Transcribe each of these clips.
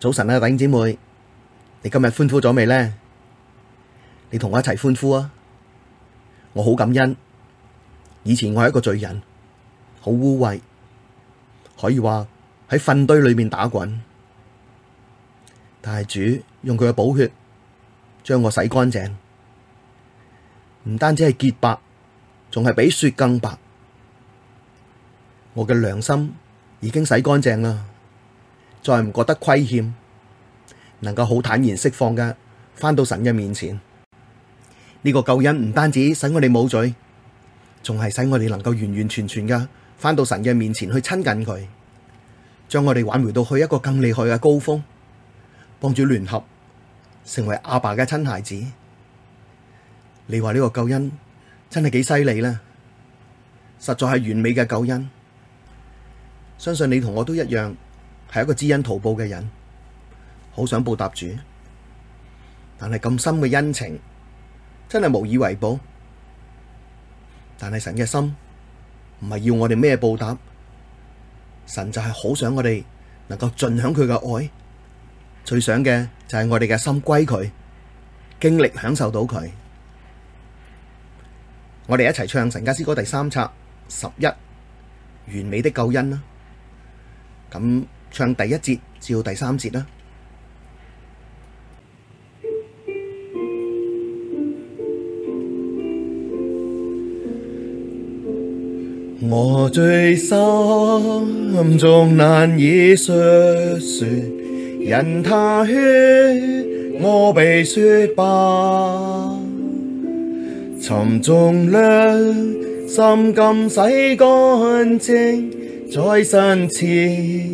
早晨啊，弟兄姊妹，你今日歡呼咗未呢？你同我一齊歡呼啊！我好感恩。以前我係一個罪人，好污穢，可以話喺糞堆裏面打滾。但係主用佢嘅寶血將我洗乾淨，唔單止係潔白，仲係比雪更白。我嘅良心已經洗乾淨啦。再唔覺得虧欠，能夠好坦然釋放噶，翻到神嘅面前。呢個救恩唔單止使我哋冇罪，仲係使我哋能夠完完全全噶，翻到神嘅面前去親近佢，將我哋挽回到去一個更厲害嘅高峰，幫住聯合成為阿爸嘅親孩子。你話呢個救恩真係幾犀利呢？實在係完美嘅救恩。相信你同我都一樣。係一個知恩圖報嘅人，好想報答主，但係咁深嘅恩情，真係無以為報。但係神嘅心唔係要我哋咩報答，神就係好想我哋能夠盡享佢嘅愛，最想嘅就係我哋嘅心歸佢，經歷享受到佢。我哋一齊唱《神家詩歌》第三冊十一完美的救恩啦，咁。唱第一節至到第三節啦。我罪深重難以述說，因祂血，我比雪白，沉重良心今洗乾淨，在神前。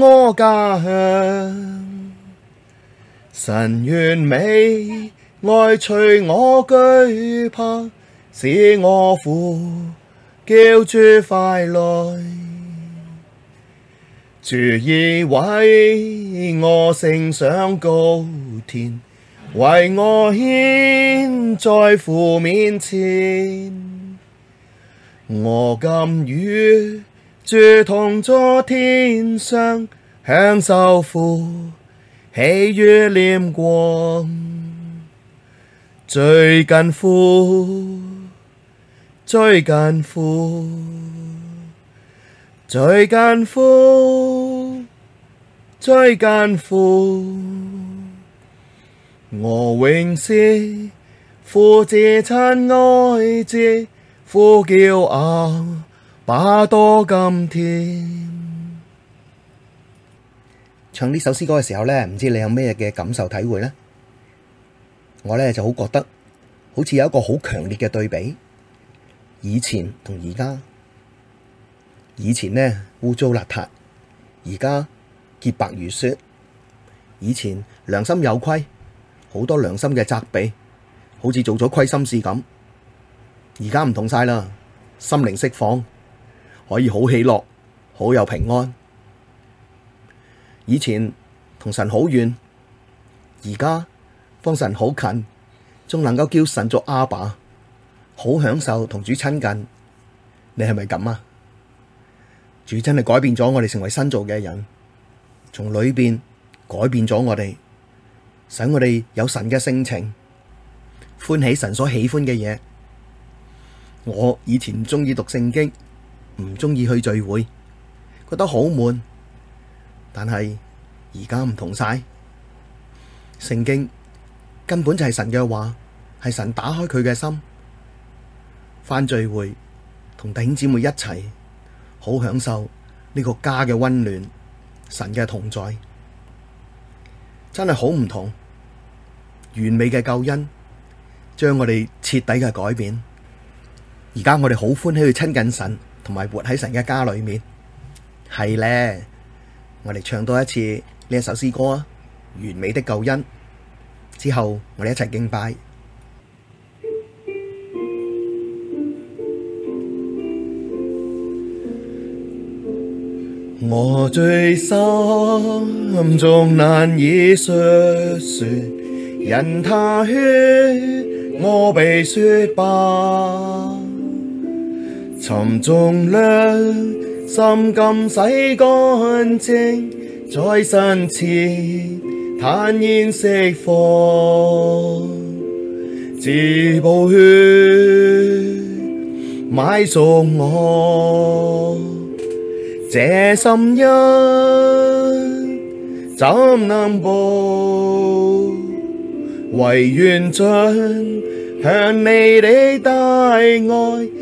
我家鄉，神完美愛除我懼怕，使我呼叫主快來，主已為我升上高天，為我顯在父面前，我今與。主同坐，天上，享受父喜悅臉光。最近父，最近父，最近父，最近父。我永是父至親愛子，呼叫啊。把多甘甜。唱呢首詩歌嘅時候呢，唔知你有咩嘅感受體會呢？我呢就好覺得好似有一個好強烈嘅對比，以前同而家，以前呢污糟邋遢，而家潔白如雪；以前良心有虧，好多良心嘅責備，好似做咗虧心事咁，而家唔同晒啦，心靈釋放。可以好喜樂，好有平安。以前同神好遠，而家方神好近，仲能夠叫神做阿爸，好享受同主親近。你係咪咁啊？主真係改變咗我哋，成為新造嘅人，從裏邊改變咗我哋，使我哋有神嘅性情，歡喜神所喜歡嘅嘢。我以前中意讀聖經，唔中意去聚會，覺得好悶。但係而家唔同晒，聖經根本就係神嘅話，係神打開佢嘅心，翻聚會同弟兄姊妹一齊好享受呢個家嘅溫暖，神嘅同在真係好唔同。完美嘅救恩將我哋徹底嘅改變，而家我哋好歡喜去親近神。同埋活喺神嘅家裏面，係咧，我哋唱多一次呢一首詩歌啊！完美的救恩之後，我哋一齊敬拜。 我罪深重難以述說，因祂血我比雪白。沉重良心，今洗乾淨，在神前坦然釋放，至寶血買贖我，這深恩，怎能報？唯願盡享你的大愛。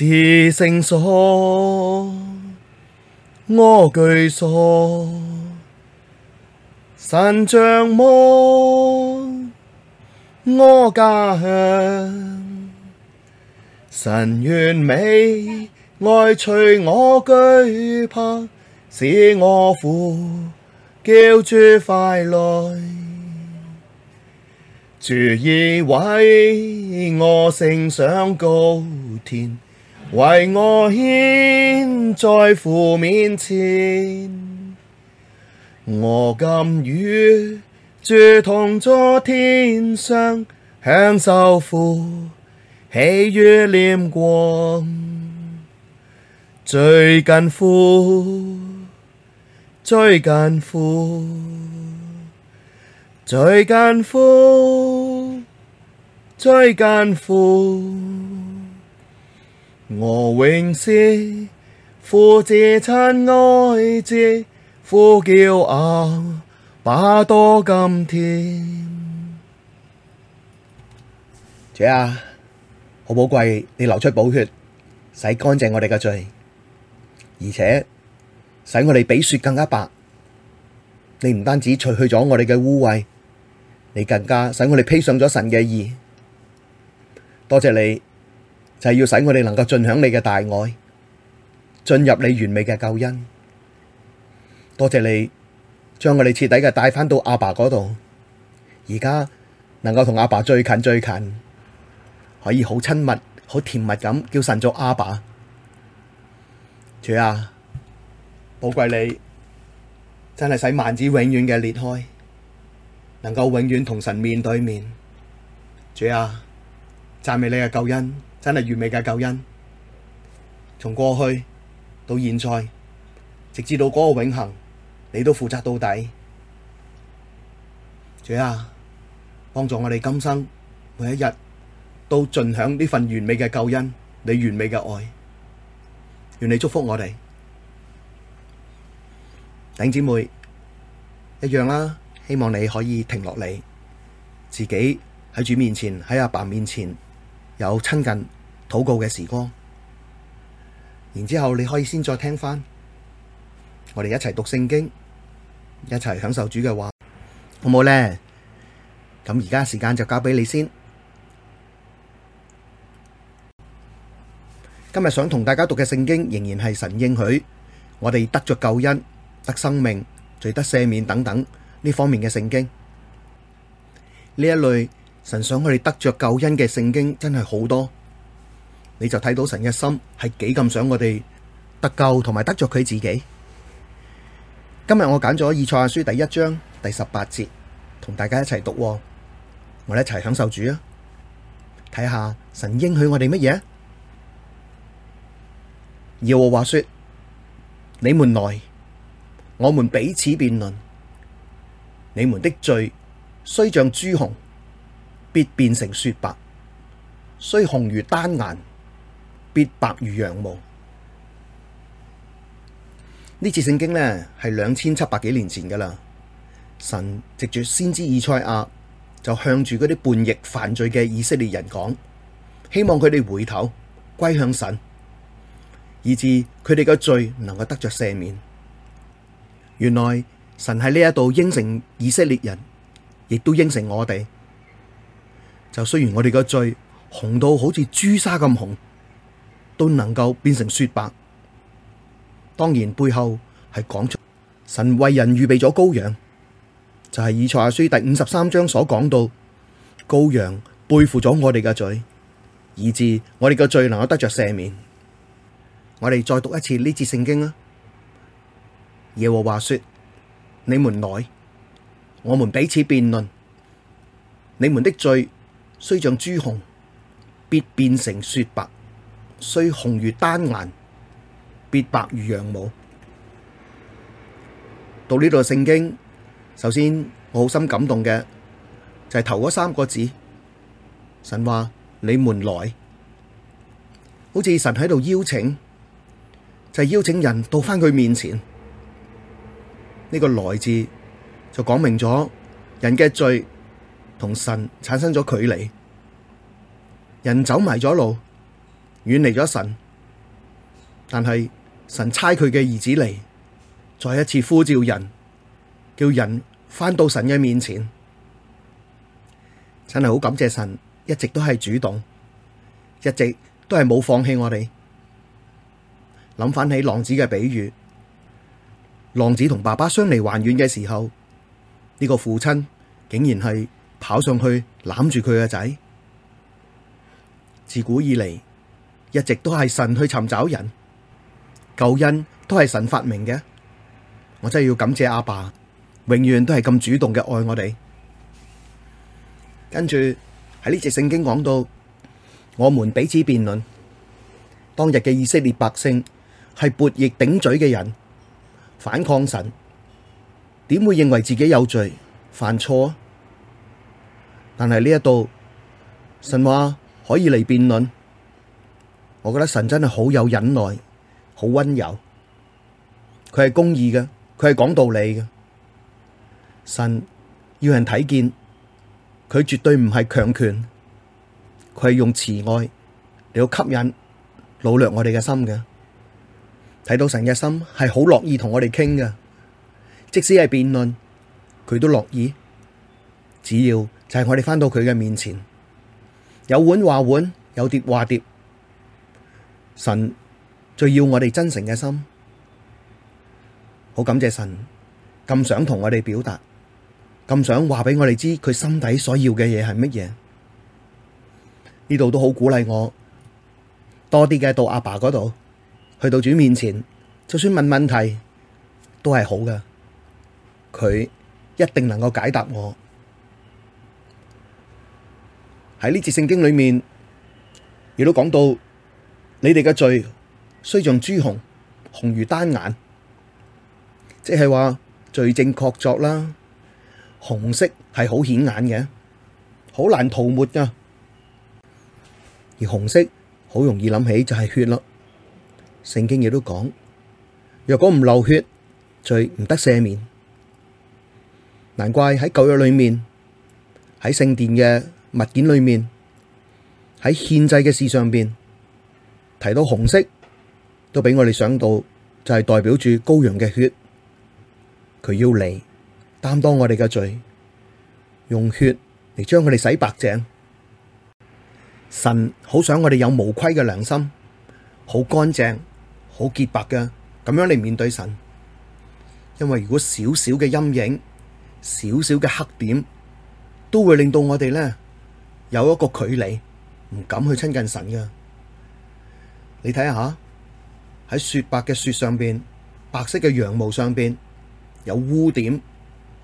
至聖所，我居所，神帳幕，我家鄉，神完美愛除我懼怕，使我呼叫主快來，主已為我升上高天。為我顯在父面前，我今與主同坐天上，享受父喜悅臉光，最近父，最近父，最近父，最近父。我永是父至親愛子，呼叫阿爸多甘甜，主啊，好寶貴，你流出寶血，洗乾淨我哋嘅罪，而且使我哋比雪更加白。你唔單止除去咗我哋嘅污穢，你更加使我哋披上咗神嘅義。多謝你。就係要使我哋能夠盡享你嘅大愛，進入你完美嘅救恩。多謝你將我哋徹底嘅帶翻到阿爸嗰度，而家能夠同阿爸最近最近，可以好親密、好甜蜜咁叫神做阿爸。主啊，寶貴你，真係使幔子永遠嘅裂開，能夠永遠同神面對面。主啊，讚美你嘅救恩。真係完美嘅救恩，從過去到現在，直至到嗰個永恒，你都負責到底。主啊，幫助我哋今生每一日都盡享呢份完美嘅救恩，你完美嘅愛，願你祝福我哋。頂姊妹一樣啦，希望你可以停落嚟，自己喺主面前，喺阿爸，爸面前。有親近，禱告嘅時光。然之後你可以先再聽返，我哋一齊讀聖經，一齊享受主嘅話，好唔好呢？咁而家時間就交畀你先。今日想同大家讀嘅聖經仍然係神應許，我哋得着救恩，得生命，罪得赦免等等，呢方面嘅聖經，呢一類。神想我哋得着救恩嘅聖經真係好多，你就睇到神嘅心係幾咁想我哋得救同埋得着佢自己。今日我揀咗以賽亞書第一章第十八節，同大家一齊讀，我哋一齊享受主啊！睇下神應許我哋乜嘢啊？耶和華說：你們來，我們彼此辯論。你們的罪雖像朱紅。必變成雪白，雖紅如丹顏，必白如羊毛。呢次聖經呢，係兩千七百幾年前噶啦，神藉住先知以賽亞就向住嗰啲叛逆犯罪嘅以色列人講，希望佢哋回頭歸向神，以致佢哋嘅罪能夠得着赦免。原來神喺呢一度應承以色列人，亦都應承我哋。就雖然我哋個罪紅到好似朱砂咁紅，都能夠變成雪白。當然背後係講出神為人預備咗羔羊，就係以賽亞書第五十三章所講到，羔羊背負咗我哋嘅罪，以致我哋嘅罪能夠得着赦免。我哋再讀一次呢節聖經啦。耶和華說：你們來，我們彼此辯論，你們的罪雖像朱紅，必變成雪白；雖紅如丹顏，必白如羊毛。到呢度聖經，首先我好心感動嘅，就係頭嗰三個字，神話你們來，好似神喺度邀請，就係邀請人到返佢面前。呢個來自就講明咗人嘅罪。同神產生咗距離，人走埋咗路，遠離咗神，但係神差佢嘅兒子嚟，再一次呼召人，叫人翻到神嘅面前，真係好感謝神，一直都係主動，一直都係冇放棄我哋。諗返起浪子嘅比喻，浪子同爸爸相離還遠嘅時候，呢個父親竟然係。跑上去攬住佢嘅仔。自古以嚟，一直都係神去尋找人，救恩都係神發明嘅。我真係要感謝阿爸，永遠都係咁主動嘅愛我哋。跟住喺呢隻聖經講到，我們彼此辯論，當日嘅以色列百姓係悖逆頂嘴嘅人，反抗神，點會認為自己有罪犯錯？但係呢一度，神話可以嚟辯論，我覺得神真係好有忍耐，好溫柔。佢係公義嘅，佢係講道理嘅。神要人睇見，佢絕對唔係強權，佢係用慈愛嚟到吸引擄掠我哋嘅心嘅。睇到神嘅心係好樂意同我哋傾嘅，即使係辯論，佢都樂意，只要。就係我哋翻到佢嘅面前，有碗話碗，有碟話碟。神最要我哋真誠嘅心，好感謝神咁想同我哋表達，咁想話俾我哋知佢心底所要嘅嘢係乜嘢。呢度都好鼓勵我，多啲嘅到阿爸嗰度，去到主面前，就算問問題都係好㗎，佢一定能夠解答我。喺呢節聖經裏面，亦都講到你哋嘅罪，雖像朱紅，紅如丹顏，即係話罪證確鑿啦。紅色係好顯眼嘅，好難塗抹噶。而紅色好容易諗起就係血咯。聖經亦都講，若果唔流血，罪唔得赦免。難怪喺舊約裏面，喺聖殿嘅物件裏面喺憲制嘅事上邊提到紅色，都俾我哋想到就係代表住羔羊嘅血，佢要嚟擔當我哋嘅罪，用血嚟將佢哋洗白淨。神好想我哋有無愧嘅良心，好乾淨、好潔白嘅，咁樣嚟面對神。因為如果少少嘅陰影、少少嘅黑點，都會令到我哋呢，有一個距離，唔敢去親近神噶。你睇下，喺雪白嘅雪上邊，白色嘅羊毛上邊，有污點，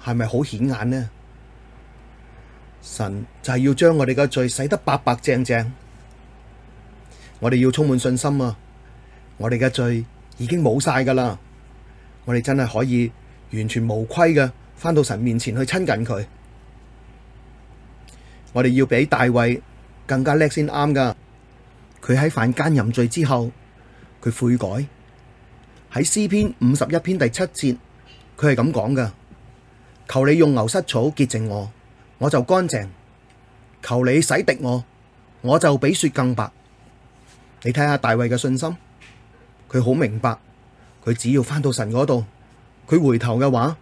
係咪好顯眼呢？神就係要將我哋嘅罪洗得白白淨淨。我哋要充滿信心啊！我哋嘅罪已經冇晒噶啦，我哋真係可以完全無愧嘅，返到神面前去親近佢。我哋要比大衛更加叻先啱噶。佢喺犯奸淫罪之後，佢悔改。喺詩篇五十一篇第七節，佢係咁講噶：求你用牛膝草潔淨我，我就乾淨；求你洗滌我，我就比雪更白。你睇下大衛嘅信心，佢好明白，佢只要翻到神嗰度，佢回頭嘅話，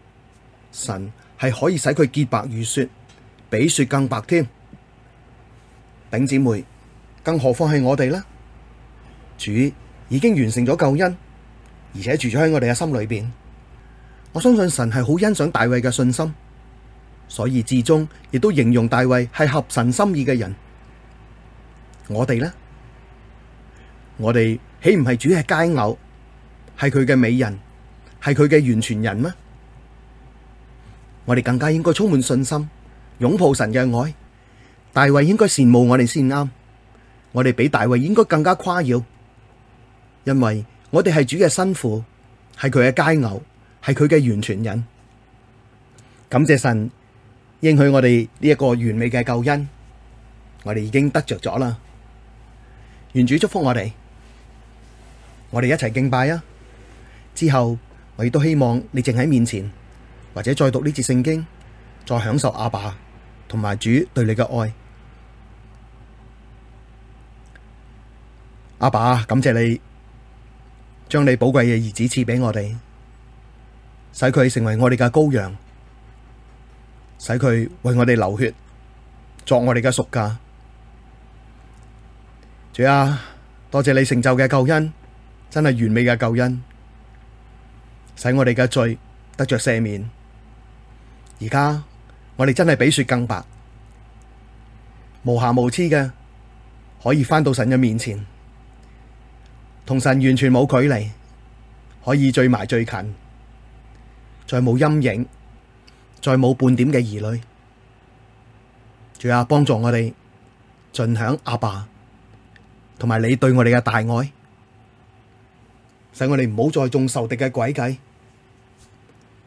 神係可以使佢潔白如雪，比雪更白添。餅姊妹，更何況係我哋啦！主已經完成咗救恩，而且住咗喺我哋嘅心裏邊。我相信神係好欣賞大衛嘅信心，所以至終亦都形容大衛係合神心意嘅人。我哋呢？我哋豈唔係主嘅佳偶，係佢嘅美人，係佢嘅完全人咩？我哋更加應該充滿信心，擁抱神嘅愛。大衛應該羨慕我哋先啱，我哋比大衛應該更加誇耀，因為我哋係主嘅新婦，係佢嘅佳偶，係佢嘅完全人。感謝神應許我哋呢一個完美嘅救恩，我哋已經得着咗啦。願主祝福我哋，我哋一齊敬拜啊！之後我亦都希望你靜喺面前，或者再讀呢節聖經，再享受阿爸同埋主對你嘅愛。阿爸，感謝你將你寶貴嘅兒子賜俾我哋，使佢成為我哋嘅羔羊，使佢為我哋流血，作我哋嘅贖價。主啊，多謝你成就嘅救恩，真係完美嘅救恩，使我哋嘅罪得着赦免。而家我哋真係比雪更白，無瑕無疵嘅，可以返到神嘅面前。同神完全冇距離，可以聚埋最近，再冇陰影，再冇半點嘅疑慮。仲要幫助我哋盡享阿爸同埋你對我哋嘅大愛，使我哋唔好再中仇敵嘅詭計，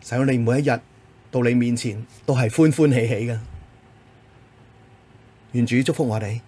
使我哋每一日到你面前都係歡歡喜喜嘅。願主祝福我哋。